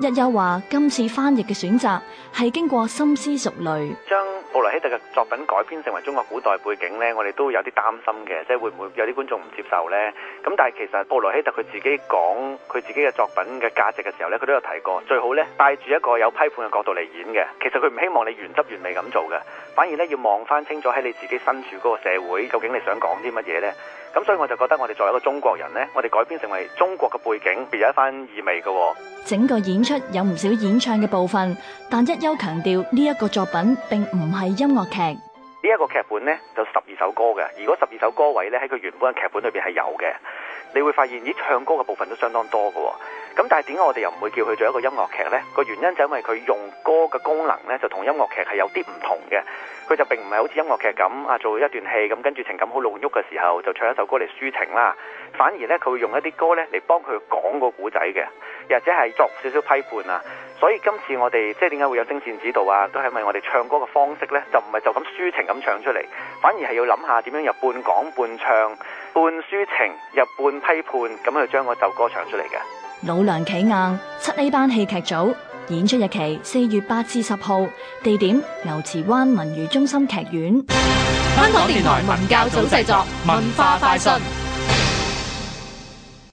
日友話今次翻譯嘅選擇係經過深思熟慮，將布萊希特嘅作品改編成為中國古代背景呢，我哋都有啲擔心嘅，即係會唔會有啲觀眾唔接受呢？咁但係其實布萊希特佢自己講佢自己嘅作品嘅價值嘅時候呢，佢都有提過，最好呢，帶住一個有批判嘅角度嚟演嘅。其實佢唔希望你原汁原味咁做嘅，反而呢，要望翻清楚喺你自己身處嗰個社會，究竟你想講啲乜嘢呢？咁所以我就覺得我哋作為一個中國人呢，我哋改編成為中國嘅背景，別有一番意味嘅，哦。整個演出有唔少演唱嘅部分，但一休強調呢一，這個作品並唔係音樂劇。呢一個劇本呢，就十二首歌嘅，如果十二首歌位呢，喺佢原本嘅劇本裏邊係有嘅。你會發現啲唱歌嘅部分都相當多嘅，哦，咁但係點解我哋又唔會叫佢做一個音樂劇呢？個原因就因為佢用歌嘅功能呢，就同音樂劇係有啲唔同嘅。佢就並唔係好似音樂劇咁啊，做一段戲咁跟住情感好濃郁嘅時候就唱一首歌嚟抒情啦。反而呢，佢會用一啲歌呢嚟幫佢講個故仔嘅，或者係作少少批判啊。所以今次我哋即係點解會有聲線指導啊？都係因為我哋唱歌嘅方式呢，就唔係就咁抒情咁唱出嚟，反而係要諗下點樣入半講半唱、半抒情、入半批判咁去將嗰首歌唱出嚟嘅。老娘企硬七 A 班戲劇組演出日期四月八至十號，地點牛池灣文娛中心劇院。香港電台文教組製作文化快訊。